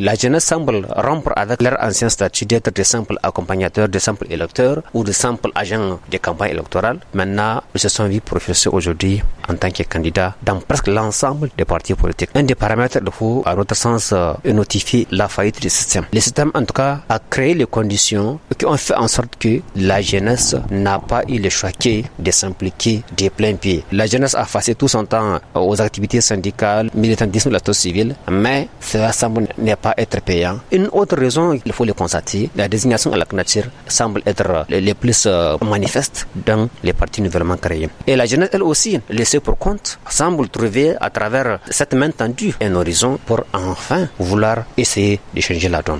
la jeunesse semble rompre avec leur ancien statut d'être des simples accompagnateurs, des simples électeurs ou des simples agents des campagnes électorales. Maintenant, ils se sont vus professés aujourd'hui en tant que candidats dans presque l'ensemble des partis politiques. Un des paramètres de fou à notre sens, euh, est notifier la faillite du système. Le système, en tout cas, a créé les conditions qui ont fait en sorte que la jeunesse n'a pas eu le choix de s'impliquer de plein pied. La jeunesse a passé tout son temps aux activités syndicales, militantisme la société civile, mais ce semble n'est pas être payant. Une autre raison, il faut le constater, la désignation à la nature semble être euh, les plus euh, manifeste dans les partis nouvellement créés. Et la jeunesse, elle aussi, laissée pour compte, semble trouver à travers cette main tendue un horizon pour enfin vouloir essayer de changer la donne.